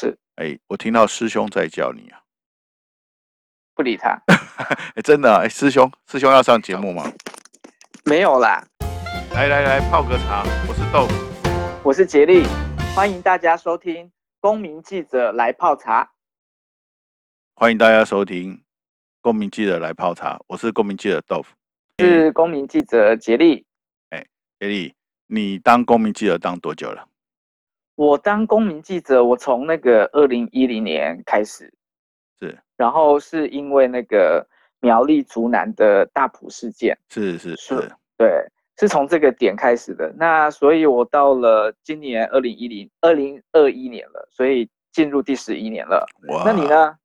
是哎、欸，我聽到師兄在叫你啊，不理他。哎、 欸，真的哎、啊欸，師兄，師兄要上節目嗎？沒有啦。來來來，泡個茶。我是豆腐，我是傑利。歡迎大家收聽《公民記者來泡茶》。歡迎大家收聽《公民記者來泡茶》，我是公民記者豆腐。是公民記者傑利。哎，杰、欸、利，你當公民記者當多久了？我當公民記者，我從那個二零一零年開始，是，然後是因為那個苗栗竹南的大埔事件，是是是，是，對，是從這個點開始的。那所以我到了今年二零一零二零二一年了，所以進入第十一年了。哇。那你呢？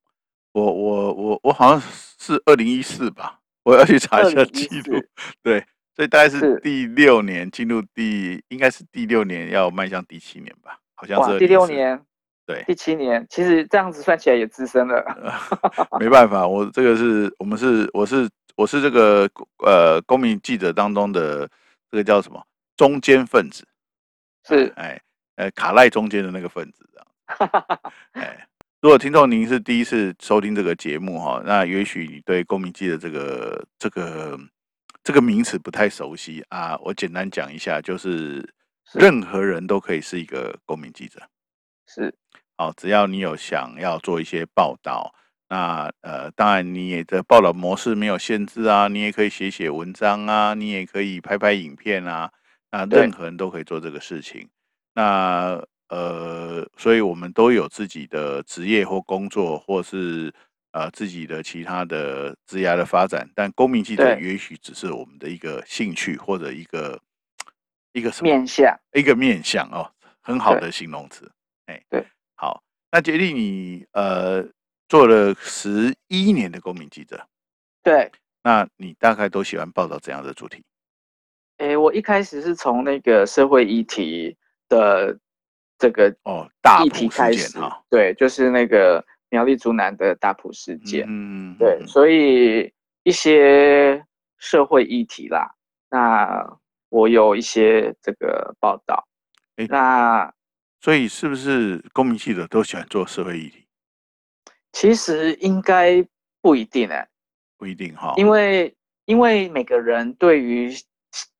我我我我好像是二零一四吧，我要去查一下記錄。對，所以大概是第六年進入第，應該是第六年要邁向第七年吧。好像是204，哇，第六年，對，第七年，其實這樣子算起來也資深了。沒辦法，我這個是我們是我是我是這個呃公民記者當中的這個叫什麼中間分子，是，啊、哎、呃，卡賴中間的那個分子。啊 哎、如果聽眾您是第一次收聽這個節目哈、哦，那也許你對公民記者這個這個這個名詞不太熟悉啊，我簡單講一下，就是。任何人都可以是一個公民記者，是，哦，只要你有想要做一些報道，那呃，當然，你的報道模式沒有限制啊，你也可以寫寫文章啊，你也可以拍拍影片啊，那任何人都可以做這個事情。那呃，所以我們都有自己的職業或工作，或是呃自己的其他的職涯的發展，但公民記者也許只是我們的一個興趣或者一個。一個面相？一個面相哦，很好的形容詞，哎、欸，對，好。那杰利你，你呃做了十一年的公民記者，對，那你大概都喜歡報道怎樣的主題？哎、欸，我一開始是從那個社會議題的這個議題開始哦，大埔事件啊，對，就是那個苗栗竹南的大埔事件，嗯，對嗯，所以一些社會議題啦，那。我有一些這個報道，哎，那所以是不是公民記者都喜歡做社會議題？其實應該不一定哎，不一定哈哦，因為因為每個人對於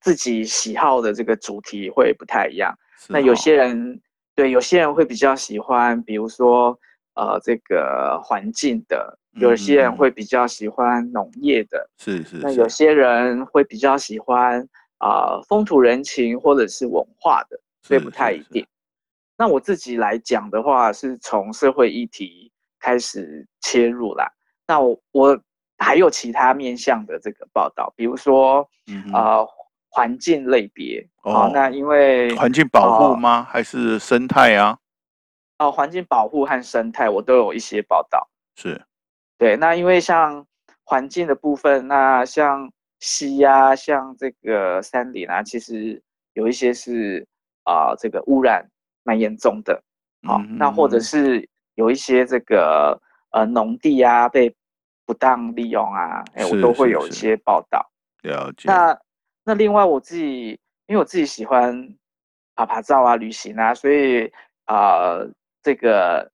自己喜好的這個主題會不太一樣。哦。那有些人對有些人會比較喜歡，比如說呃這個環境的，有些人會比較喜歡農業的，嗯嗯，農業的，是，是是。那有些人會比較喜歡。啊、呃，風土人情或者是文化的，所以不太一定。那我自己來講的話，是從社會議題開始切入啦。那我我還有其他面向的這個報道，比如說啊、嗯呃，環境類別哦、啊，那因為環境保護嗎、哦？還是生態啊？哦、啊，環境保護和生態我都有一些報道。是，對，那因為像環境的部分，那像。西啊，像這個山林啊，其實有一些是啊、呃，這個污染蠻嚴重的，好、哦嗯，那或者是有一些這個呃農地啊被不當利用啊、欸，我都會有一些報道。是是是了解。那那另外我自己，因為我自己喜歡拍拍照啊、旅行啊，所以啊、呃，這個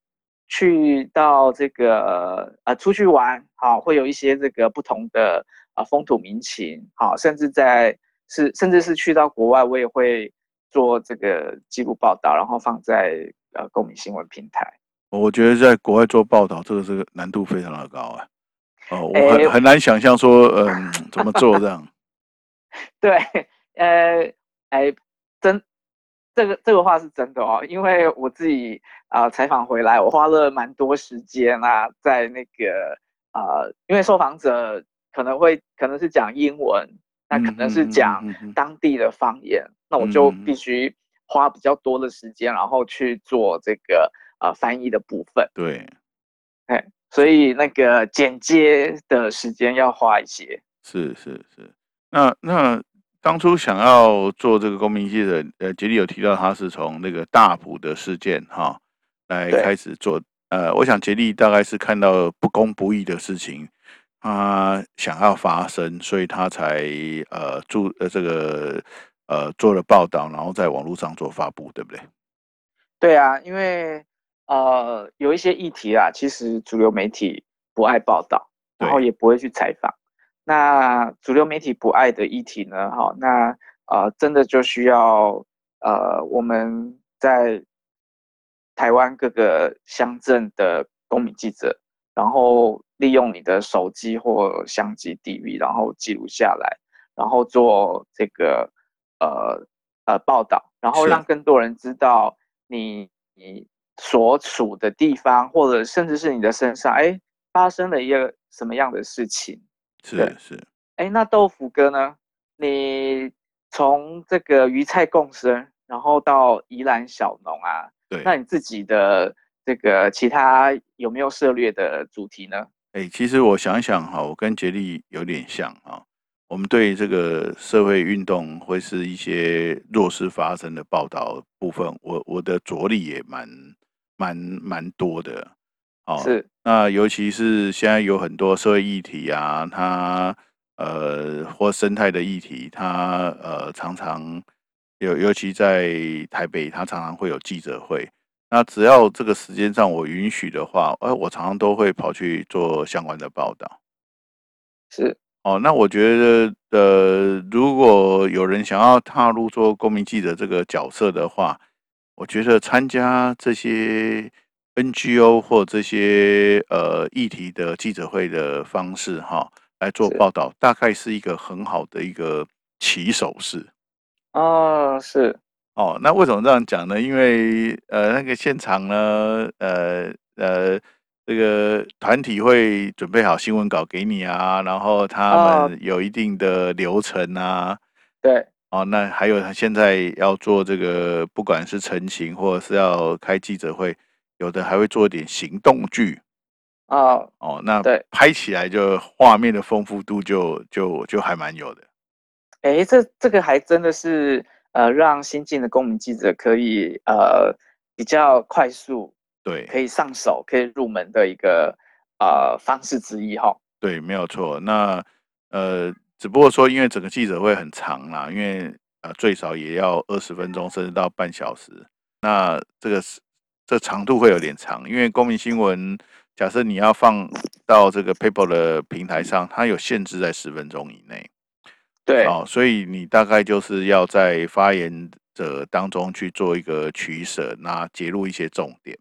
去到這個啊、呃、出去玩，好、哦，會有一些這個不同的。啊，風土民情，好、啊，甚至在是，甚至是去到國外，我也會做這個記錄報道，然後放在呃公民新聞平台。我覺得在國外做報道，這個這個難度非常的高啊。哦，我很、欸、很難想象說，嗯、呃， 怎麼做這樣。對，呃、欸，哎、欸，真這個這個話是真的哦，因為我自己啊、呃、採訪回來，我花了蠻多時間啊，在那個啊、呃，因為受訪者。可能會可能是講英文，那可能是講當地的方言，嗯嗯，那我就必須花比較多的時間，嗯、然後去做這個呃翻譯的部分。對，哎，所以那個剪接的時間要花一些。是是是。那那當初想要做這個公民記者，呃，杰利有提到他是從那個大埔的事件哈、哦、來開始做。呃，我想杰利大概是看到不公不義的事情。他想要發聲，所以他才呃做呃這個呃做了報道，然後在網絡上做發佈，對不對？對啊，因為呃有一些議題啊，其實主流媒體不愛報道，然後也不會去採訪。那主流媒體不愛的議題呢？哈，那呃真的就需要呃我們在台灣各個鄉鎮的公民記者。然後利用你的手機或相機 DV，然後記錄下來，然後做這個呃呃報道，然後讓更多人知道你，你所處的地方，或者甚至是你的身上，哎，發生了一個什麼樣的事情？是是。哎，那豆腐哥呢？你從這個魚菜共生，然後到宜蘭小農啊，對，那你自己的？這個其他有沒有涉獵的主題呢？哎、欸，其實我想想哈，我跟傑利有點像啊。我們對這個社會運動或是一些弱勢發生的報道部分，我我的着力也蠻蠻蠻多的。是、哦，那尤其是現在有很多社會議題啊，它呃或生態的議題，它呃常常有，尤其在台北，它常常會有記者會。那只要這個時間上我允許的話，哎、呃，我常常都會跑去做相關的報道。是哦，那我覺得，呃，如果有人想要踏入做公民記者這個角色的話，我覺得參加這些 NGO 或這些呃議題的記者會的方式，哈、哦，來做報道，大概是一個很好的一個起手式。啊、哦，是。哦，那為什麼這樣講呢？因為呃，那個現場呢，呃呃，這個團體會準備好新聞稿給你啊，然後他們有一定的流程啊，哦、對。哦，那還有他現在要做這個，不管是成型或者是要開記者會，有的還會做一點行動劇啊、哦。哦，那對，拍起來就畫面的豐富度就就就還蠻有的。哎、欸，這這個還真的是。呃，讓新進的公民記者可以呃比較快速對，可以上手，可以入門的一個呃方式之一哈。對，沒有錯。那呃，只不過說，因為整個記者會很長啦，因為呃最少也要二十分鐘，甚至到半小時。那這個是這長度會有點長，因為公民新聞假設你要放到這個 PeoPo 的平台上，它有限制在十分鐘以內。對，哦，所以你大概就是要在發言者當中去做一個取舍，那揭露一些重點。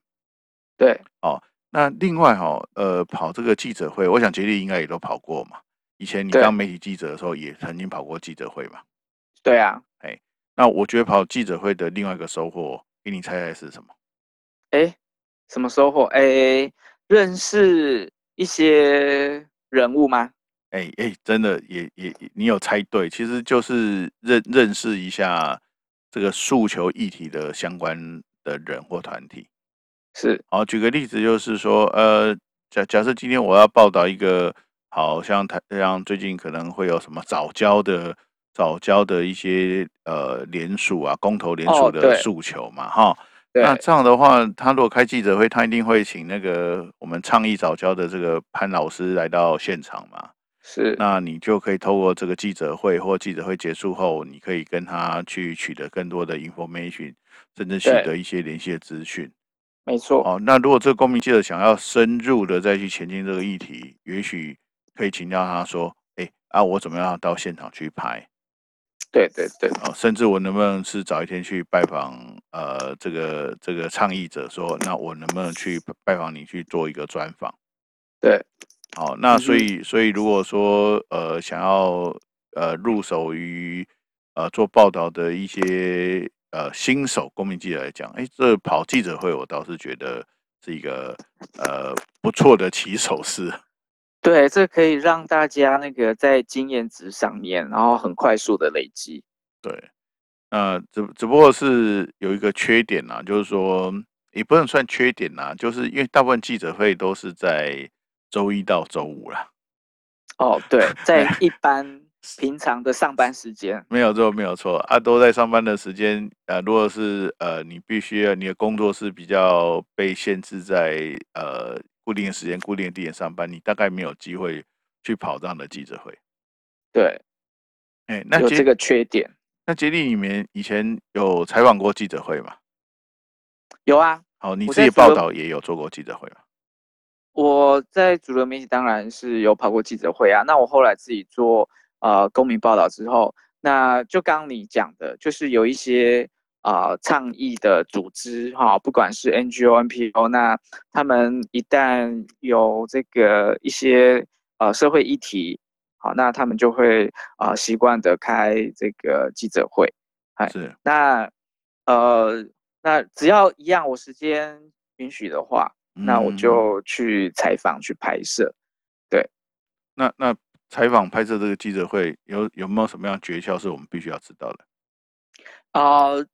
對，哦，那另外哈、哦，呃，跑這個記者會，我想傑利應該也都跑過嘛。以前你當媒體記者的時候，也曾經跑過記者會嘛。對啊，哎，那我覺得跑記者會的另外一個收穫，給你猜猜是什麼？哎，什麼收穫？哎，認識一些人物嗎？哎、欸、哎、欸，真的也也，你有猜對。其實就是認認識一下這個訴求議題的相關的人或團體，是。好，舉個例子，就是說，呃，假假設今天我要報道一個，好像他，像最近可能會有什麼藻礁的藻礁的一些呃聯署啊，公投聯署的訴求嘛，哈、哦，那這樣的話，他如果開記者會，他一定會請那個我們倡議藻礁的這個潘老師來到現場嘛。是，那你就可以透過這個記者會，或記者會結束後，你可以跟他去取得更多的 information，甚至取得一些聯繫的資訊。沒錯。哦，那如果這個公民記者想要深入的再去前進這個議題，也許可以請教他說，哎、欸、啊，我怎麼樣到現場去拍？對對對。哦，甚至我能不能是早一天去拜訪呃這個這個倡議者說，說那我能不能去拜訪你去做一個專訪？對。好，那所以所以如果說呃想要呃入手於呃做報道的一些呃新手公民記者來講，誒，這跑記者會我倒是覺得是一個呃不錯的起手式。對，這可以讓大家那個在經驗值上面，然後很快速的累積。對，呃，只只不過是有一個缺點啊，就是說也不能算缺點啊，就是因為大部分記者會都是在。週一到週五啦，哦，對，在一般 平常的上班時間，沒有錯，沒有錯啊，都在上班的時間。呃，如果是呃，你必須要，你的工作是比較被限制在呃固定的時間、固定的地點上班，你大概沒有機會去跑這樣的記者會。對，哎、欸，那有這個缺點，那傑利裡面以前有採訪過記者會嗎？有啊，哦，你自己報道也有做過記者會嗎？我在主流媒體當然是有跑過記者會啊。那我後來自己做呃公民報道之後，那就剛你講的，就是有一些啊、呃、倡議的組織哈，不管是 NGO、NPO，那他們一旦有這個一些呃社會議題，好，那他們就會啊習慣的開這個記者會，哎，是。那呃，那只要一樣，我時間允許的話。那我就去採訪、嗯、去拍攝，對。那那採訪拍攝這個記者會有有沒有什麼樣訣竅是我們必須要知道的？啊、呃，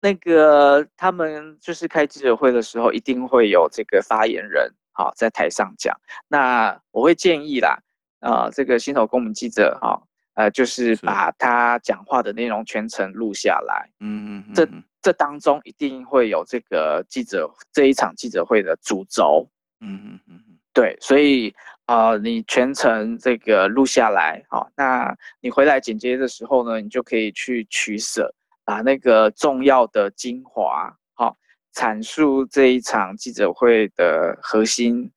那個他們就是開記者會的時候，一定會有這個發言人，好、哦，在台上講。那我會建議啦，啊、呃，這個新手公民記者，哈、哦。呃，就是把他講話的內容全程錄下來。嗯嗯嗯，這這當中一定會有這個記者這一場記者會的主軸。嗯嗯嗯對，所以啊，你全程這個錄下來，啊，那你回來剪接的時候呢，你就可以去取捨，把那個重要的精華，好，闡述這一場記者會的核心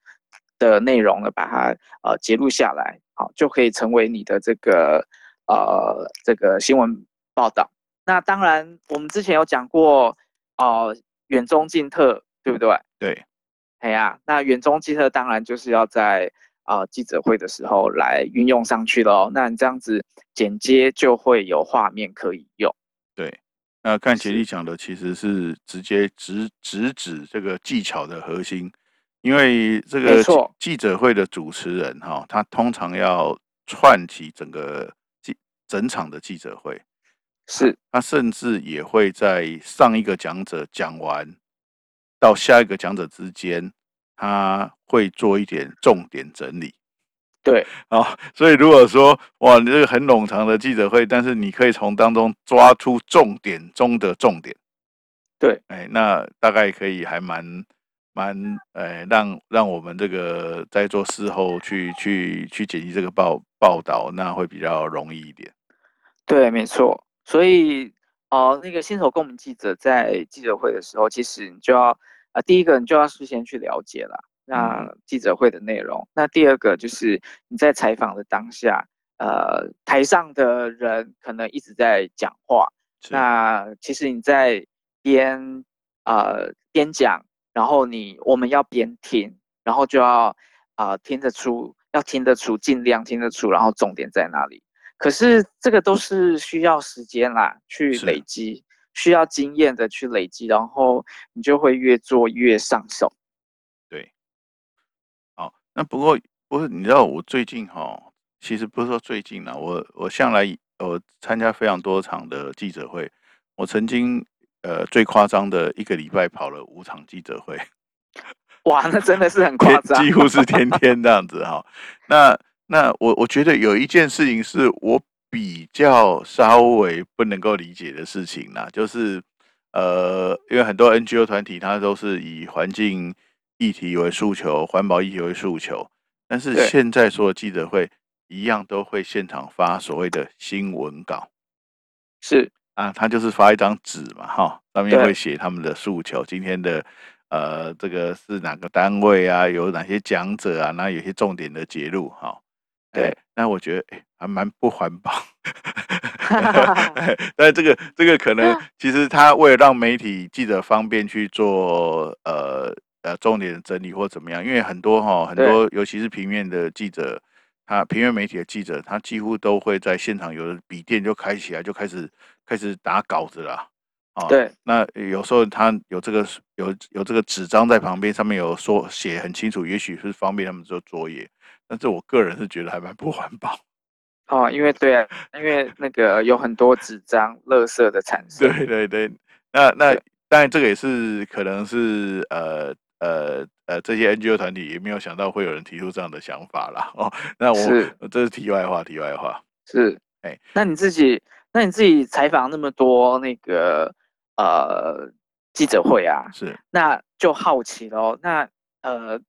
的內容呢，把它呃截錄下來。好，就可以成為你的這個呃，這個新聞報道。那當然，我們之前有講過，哦、呃，遠中近特，對不對？對。哎呀、啊，那遠中近特當然就是要在啊、呃、記者會的時候來運用上去咯。那你這樣子剪接就會有畫面可以用。對，那看傑利講的其實是直接直直指，指這個技巧的核心。因為這個記者會的主持人哈、哦，他通常要串起整個記整場的記者會，是他甚至也會在上一個講者講完到下一個講者之間，他會做一點重點整理。對啊、哦，所以如果說哇，你這個很冗長的記者會，但是你可以從當中抓出重點中的重點。對，哎，那大概可以還蠻。蠻呃、欸，讓讓我們這個在做事後去去去解析這個報報道，那會比較容易一點。對，沒錯。所以哦、呃，那個新手公民記者在記者會的時候，其實你就要啊、呃，第一個你就要事先去了解了，那記者會的內容、嗯。那第二個就是你在採訪的當下，呃，台上的人可能一直在講話，那其實你在邊呃，邊講。然後你我們要邊聽，然後就要啊、呃、聽得出，要聽得出，盡量聽得出，然後重點在哪裡？可是這個都是需要時間啦，去累積，需要經驗的去累積，然後你就會越做越上手。對，好，那不過不是你知道，我最近哈、哦，其實不是說最近啦，我我向來我參加非常多場的記者會，我曾經。呃，最誇張的一個禮拜跑了五場記者會，哇，那真的是很誇張， 幾乎是天天這樣子哈。 那那我我覺得有一件事情是我比較稍微不能夠理解的事情啦，就是呃，因為很多 NGO 團體它都是以環境議題為訴求，環保議題為訴求，但是現在所有記者會一樣都會現場發所謂的新聞稿，是。啊，他就是發一張紙嘛，哈，上面會寫他們的訴求，今天的，呃，這個是哪個單位啊？有哪些講者啊？那有些重點的節錄。哈，對、欸，那我覺得，欸，還蠻不環保， 但這個這個可能，其實他為了讓媒體記者方便去做，呃，呃重點的整理或怎麼樣，因為很多哈，很多尤其是平面的記者。他平面媒體的記者，他幾乎都會在現場，有的筆電就開起來，就開始開始打稿子了。啊、哦，對。那有時候他有這個有有這個紙張在旁邊，上面有說寫很清楚，也許是方便他們做作業。但是我個人是覺得還蠻不環保。哦，因為對啊，因為那個有很多紙張、 垃圾的產生。對對對，那那當然這個也是可能是呃。呃呃，這些 NGO 團體也沒有想到會有人提出這樣的想法啦。哦。那我是這是題外話，題外話是哎、欸。那你自己，那你自己採訪那麼多那個呃記者會啊，是那就好奇咯，那呃，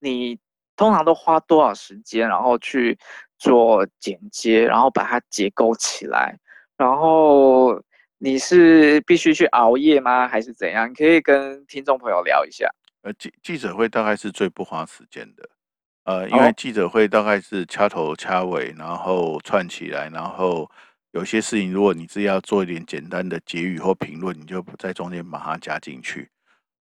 你通常都花多少時間，然後去做剪接，然後把它結構起來，然後你是必須去熬夜嗎，還是怎樣？你可以跟聽眾朋友聊一下。呃，記記者會大概是最不花時間的，呃，因為記者會大概是掐頭掐尾，然後串起來，然後有些事情如果你自己要做一點簡單的結語或評論，你就在中間把它加進去。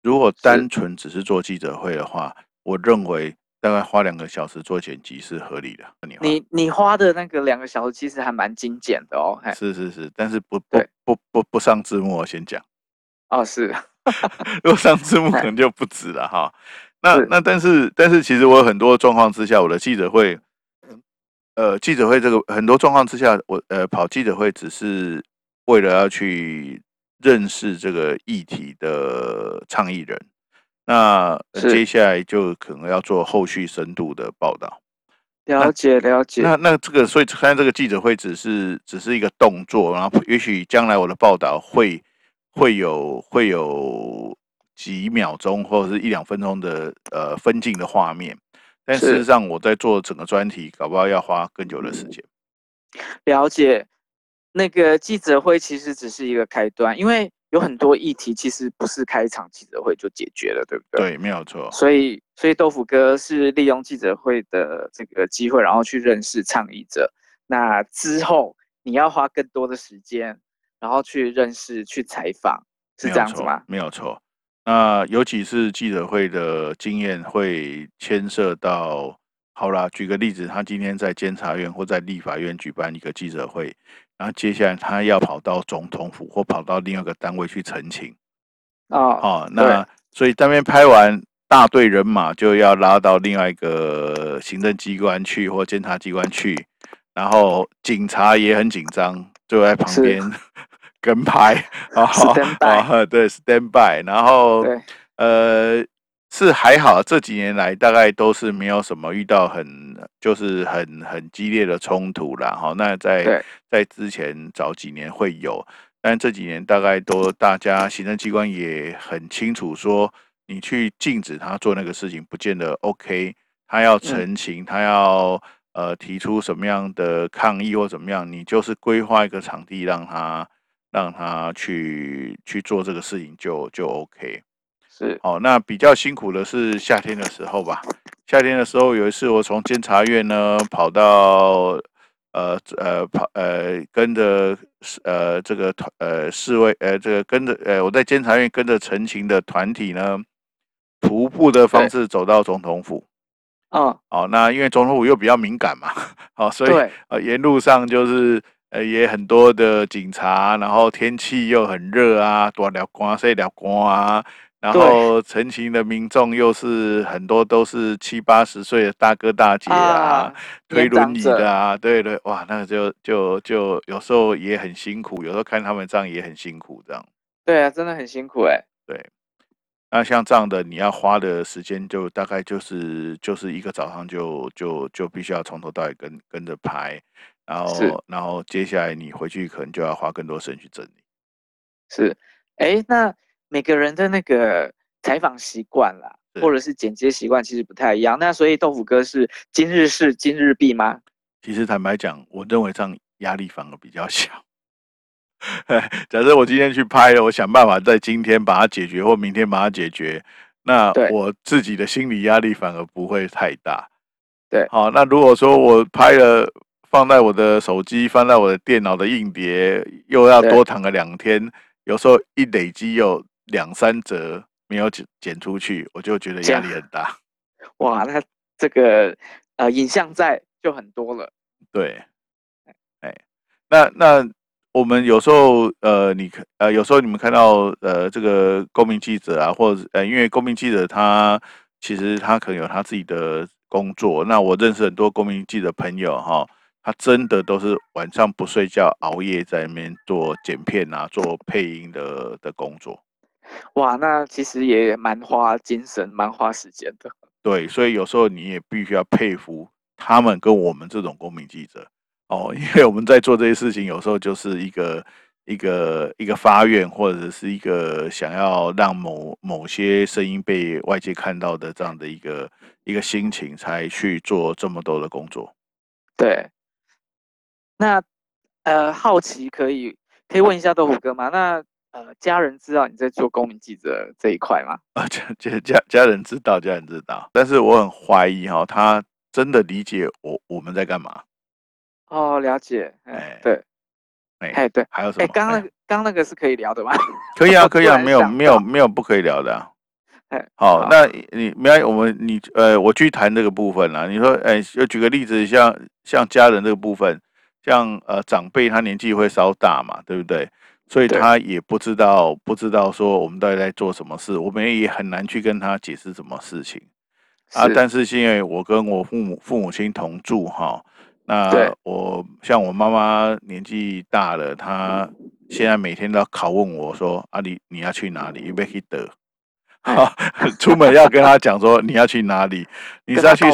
如果單純只是做記者會的話，我認為大概花兩個小時做剪輯是合理的。你你花的那個兩個小時其實還蠻精簡的哦。是是是，但是不，不不不上字幕我先講。哦，是。 如果上字幕可能就不止了 哈。那那，但是但是其實我有很多狀況之下，我的記者會，呃，記者會這個很多狀況之下，我呃跑記者會只是為了要去認識這個議題的倡議人。那、呃、接下來就可能要做後續深度的報道了解了解。那、了解。那，那這個所以看這個記者會只是只是一個動作，然後也許將來我的報道會。會有會有幾秒鐘或者是一兩分鐘的呃分鏡的畫面，但事實上我在做整個專題，搞不好要花更久的時間。嗯，了解，那個記者會其實只是一個開端，因為有很多議題其實不是開場記者會就解決了，對不對？對，沒有錯。所以，所以豆腐哥是利用記者會的這個機會，然後去認識倡議者。那之後你要花更多的時間。然後去認識、去採訪，是這樣子嗎？沒有錯。沒有錯，那尤其是記者會的經驗，會牽涉到，好啦。舉個例子，他今天在監察院或在立法院舉辦一個記者會，然後接下來他要跑到總統府或跑到另外一個單位去澄清。哦，哦，那所以當面拍完大隊人馬就要拉到另外一個行政機關去或監察機關去，然後警察也很緊張。就在旁邊跟拍啊，哦哦，對，stand by。Standby, 然後呃，是還好，這幾年來大概都是沒有什麼遇到很就是很很激烈的衝突啦。哈、哦。那在在之前早幾年會有，但這幾年大概都大家行政機關也很清楚，說你去禁止他做那個事情，不見得 OK。他要澄清，嗯、他要。呃，提出什麼樣的抗議或怎麼樣，你就是規劃一個場地讓他，讓他讓他去去做這個事情就，就就 OK。是，哦，那比較辛苦的是夏天的時候吧。夏天的時候有一次，我從監察院呢跑到呃呃跑呃跟着呃這個團呃侍衛呃這個跟着呃我在監察院跟着陳情的團體呢，徒步的方式走到總統府。哦、嗯，哦，那因為總統府又比較敏感嘛，哦，所以呃，沿路上就是呃，也很多的警察，然後天氣又很熱啊，多了光，晒了光啊，然後陳情的民眾又是很多都是七八十歲的大哥大姐啊，啊推輪椅的啊，對，對對，哇，那就就就有時候也很辛苦，有時候看他們這樣也很辛苦這樣。對啊，真的很辛苦哎、欸。對。那像這樣的，你要花的時間就大概就是就是一個早上，就就就必須要從頭到尾跟跟着拍，然後然後接下來你回去可能就要花更多時間去整理。是，哎、欸，那每個人的那個採訪習慣啦，或者是剪接習慣其實不太一樣。那所以豆腐哥是今日事今日畢嗎？其實坦白講，我認為這樣壓力反而比較小。 假設我今天去拍了，我想辦法在今天把它解決，或明天把它解決，那我自己的心理壓力反而不會太大。對，好，那如果說我拍了，放在我的手機，放在我的電腦的硬碟，又要多躺個兩天，有時候一累積又兩三折沒有剪剪出去，我就覺得壓力很大，啊。哇，那這個呃，影像在就很多了。 對，哎、欸，那那。我們有時候，呃，你可呃，有時候你們看到，呃，這個公民記者啊，或者呃，因為公民記者他其實他可能有他自己的工作。那我認識很多公民記者朋友哈，他真的都是晚上不睡覺熬夜在裡面做剪片啊、做配音的的工作。哇，那其實也蠻花精神、蠻花時間的。對，所以有時候你也必須要佩服他們跟我們這種公民記者。哦，因為我們在做這些事情，有時候就是一個一個一個發願，或者是一個想要讓某某些聲音被外界看到的這樣的一個一個心情，才去做這麼多的工作。對，那呃，好奇可以可以問一下豆腐哥嗎？那呃，家人知道你在做公民記者這一塊嗎？啊，家家家人知道，家人知道，但是我很懷疑哈、哦，他真的理解我我們在幹嘛？哦，了解，哎、欸，對，哎、欸，對，還有什麼？哎、欸，剛那個、欸、剛那個是可以聊的嗎？可以啊，可以啊，沒有，沒有，沒有不可以聊的、啊。哎、欸，好，那你沒有我們你呃，我去談這個部分啊。你說，哎、欸，就舉個例子，像像家人這個部分，像呃長輩，他年紀會稍大嘛，對不對？所以他也不知道，不知道說我們到底在做什麼事，我們也很難去跟他解釋什麼事情是啊。但是因為我跟我父母父母親同住，哈。那我像我媽媽年紀大了，她現在每天都拷問我說啊，你你要去哪裡？有沒有得？嗯、 出門要跟她講說 你要去哪裡？你是要去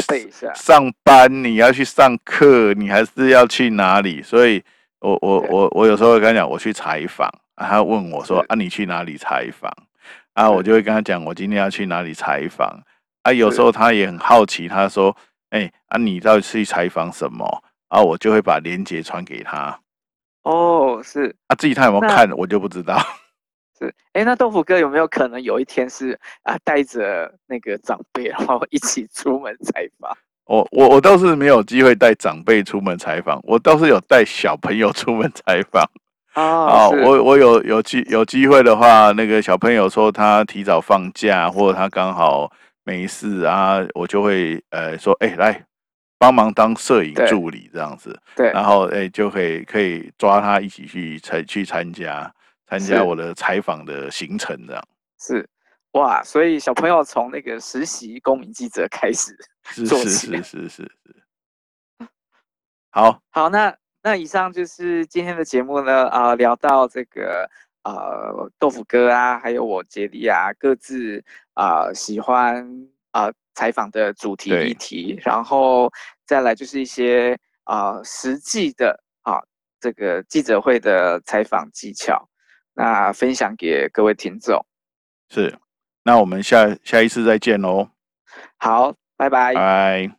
上班？你要去上課？你還是要去哪裡？所以我，我我我我有時候會跟她講我去採訪、啊，她問我說啊，你去哪裡採訪？啊，我就會跟她講我今天要去哪裡採訪。啊，有時候她也很好奇，她說。.哎、欸，啊，你到底去採訪什麼？啊，我就會把鏈接傳給他。哦，是啊，自己他有沒有看，我就不知道。是，哎、欸，那豆腐哥有沒有可能有一天是啊，帶着那個長輩，然後一起出門採訪、哦？我我我倒是沒有機會帶長輩出門採訪，我倒是有帶小朋友出門採訪。啊、哦哦，我我有有機有機會的話，那個小朋友說他提早放假，或者他剛好。沒事啊，我就會呃說，哎、欸，來幫忙當攝影助理這樣子，對，對然後哎、欸，就可以可以抓他一起去參去參加參加我的採訪的行程這樣。是哇，所以小朋友從那個實習公民記者開始做起是是是是是，是。好好，那那以上就是今天的節目呢啊、呃，聊到這個。呃，豆腐哥啊，還有我傑利啊，各自啊、呃、喜歡啊採訪的主題、議題，然後再來就是一些、呃、實際啊實際的啊這個記者會的採訪技巧，那分享給各位聽眾。是，那我們下下一次再見嘍。好，拜拜。拜。